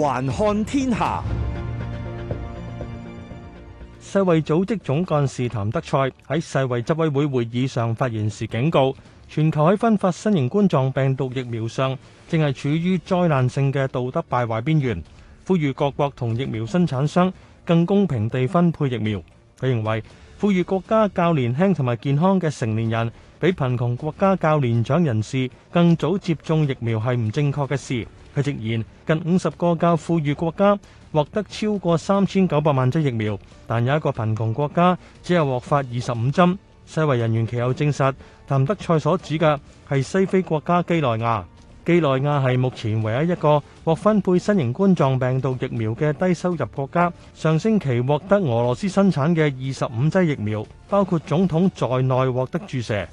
環看天下，世衛組織總幹事譚德塞喺世衛執委會會議上發言時警告，全球喺分發新型冠狀病毒疫苗上，正係處於災難性嘅道德敗壞邊緣，呼籲各國同疫苗生產商更公平地分配疫苗。佢認為，富裕國家較年輕同埋健康嘅成年人，比貧窮國家較年長人士更早接種疫苗係唔正確嘅事。佢直言，近五十個較富裕國家獲得超過三千九百萬劑疫苗，但有一個貧窮國家只係獲發二十五針。世衞人員其後證實，譚德塞所指嘅係西非國家幾內亞。基內亞係目前唯一一個獲分配新型冠狀病毒疫苗嘅低收入國家。上星期獲得俄羅斯生產嘅二十五劑疫苗，包括總統在內獲得注射。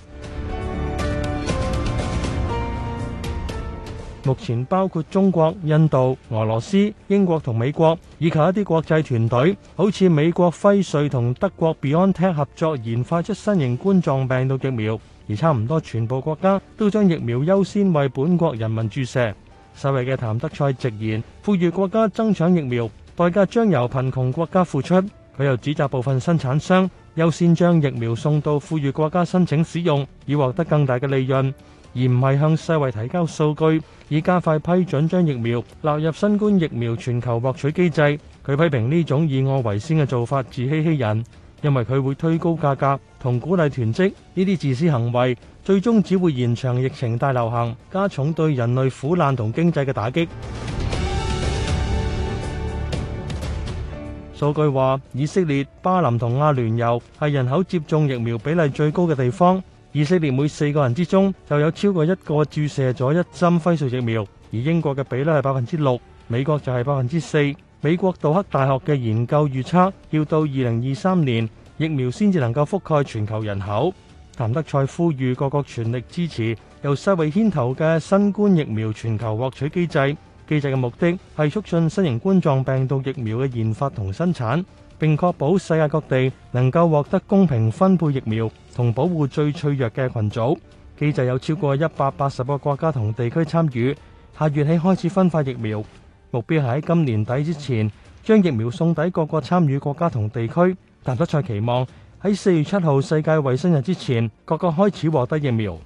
目前包括中國、印度、俄羅斯、英國同美國，以及一啲國際團隊，好似美國輝瑞同德國 BioNTech 合作研發出新型冠狀病毒疫苗。而差唔多全部國家都將疫苗優先為本國人民注射。世衛嘅譚德塞直言，富裕國家爭搶疫苗，代價將由貧窮國家付出。佢又指責部分生產商優先將疫苗送到富裕國家申請使用，以獲得更大嘅利潤，而唔係向世衛提交數據，以加快批准將疫苗納入新冠疫苗全球獲取機制。佢批評呢種以我為先嘅做法自欺欺人。因為佢會推高價格同鼓勵囤積呢啲自私行為，最終只會延長疫情大流行，加重對人類苦難同經濟嘅打擊。數據話，以色列、巴林同阿聯酋係人口接種疫苗比例最高嘅地方。以色列每四個人之中就有超過一個注射咗一針輝瑞疫苗，而英國嘅比例係百分之六，美國就係百分之四。美國杜克大學嘅研究預測，要到二零二三年疫苗先至能夠覆蓋全球人口。譚德塞呼籲各國全力支持由世衛牽頭嘅新冠疫苗全球獲取機制。機制嘅目的係促進新型冠狀病毒疫苗嘅研發同生產，並確保世界各地能夠獲得公平分配疫苗同保護最脆弱嘅群組。機制有超過一百八十個國家同地區參與，下月起開始分發疫苗。目標係喺今年底之前將疫苗送抵各個參與國家同地區，但譚德塞期望喺四月七號世界衛生日之前各個開始獲得疫苗。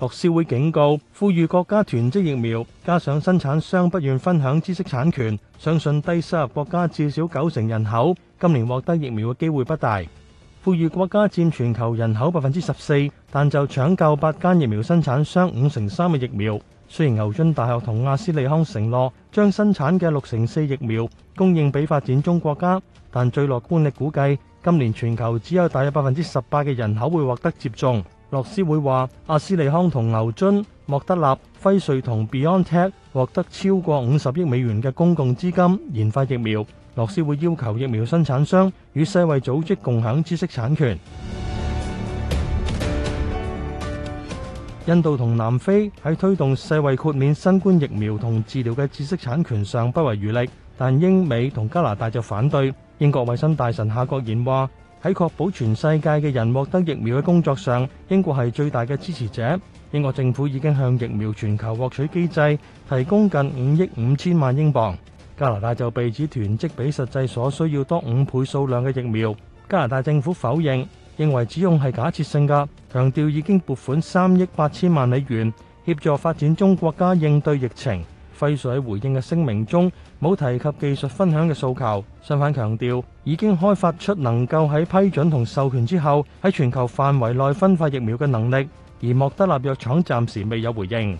樂施 會警告，富裕國家囤積疫苗，加上生產商不願分享知識產權，相信低收入國家至少九成人口今年獲得疫苗嘅機會不大。富裕國家佔全球人口百分之十四，但就搶購八間疫苗生產商五成三嘅疫苗。雖然牛津大學同阿斯利康承諾將生產嘅六成四疫苗供應俾發展中國家，但最樂觀力估計，今年全球只有大約百分之十八嘅人口會獲得接種。樂施會話：阿斯利康同牛津、莫德納、輝瑞同 BioNTech 獲得超過五十億美元嘅公共資金研發疫苗。樂施會要求疫苗生產商與世衛組織共享知識產權。印度同南非喺推動世衛豁免新冠疫苗同治療嘅知識產權上不遺餘力，但英美同加拿大就反對。英國衛生大臣夏國賢話。喺確保全世界嘅人獲得疫苗嘅工作上，英國係最大嘅支持者。英國政府已經向疫苗全球獲取機制提供近五億五千萬英鎊。加拿大就被指囤積比實際所需要多五倍數量嘅疫苗。加拿大政府否認，認為指控係假設性㗎，強調已經撥款三億八千萬美元協助發展中國家應對疫情。輝瑞喺回應嘅聲明中冇提及技術分享嘅訴求，相反強調已經開發出能夠喺批准同授權之後喺全球範圍內分發疫苗嘅能力，而莫德納藥廠暫時未有回應。